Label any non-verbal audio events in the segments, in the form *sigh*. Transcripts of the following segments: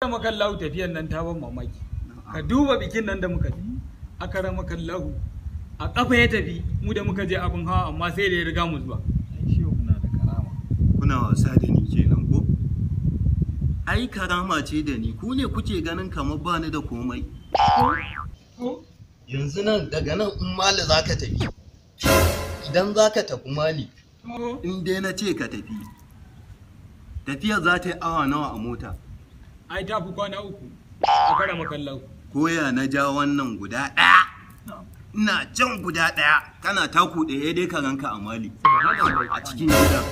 karama lahu tafiyan nan ta ban mamaki ka duba bikin nan da muka ji a karama lahu. a kafa ya tafi mu da muka je abin hawa amma sai da ya riga mu zuwa kuna kuna wasa da ni kenan ko ai karama ce da ni ku ne kuke ganin kamar ba ni da komai yanzu nan daga nan in mali za ka tafi idan za ka tafi mali in dai na ce ka tafi tafiyar za ta yi awa nawa a mota ai ta fi kwana uku a kara makallau koya na ja wannan guda ɗaya ina jan guda ɗaya kana taku ɗaya dai ka ganka a mali a cikin gidan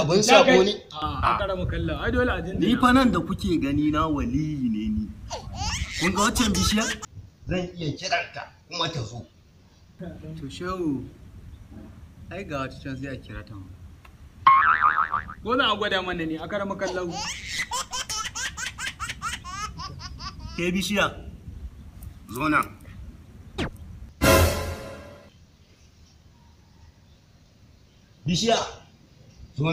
abin sabo ne a kara makallau ai dole a ni fa nan da kuke gani na waliyi ne ni kun ga wancan bishiyar zan iya kiranta kuma ta zo to shehu ai ga wata can sai a kira ta ko za a gwada mana ne a kara makallau ke bishiya zo nan bishiya zo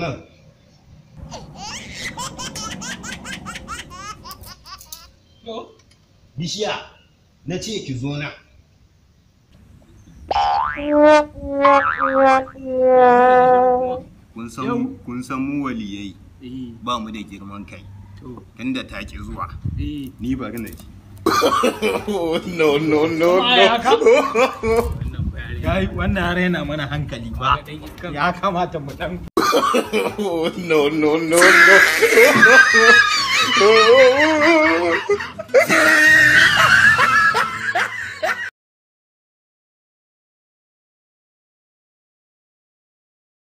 bishiya na ce ki zo nan kun san mu waliyai eh. ba mu da girman kai tunda ta ke zuwa eh. ni ba gane ci no no no no wannan har yana mana hankali ba ya kamata mu dan *laughs* no no no no *laughs* *laughs*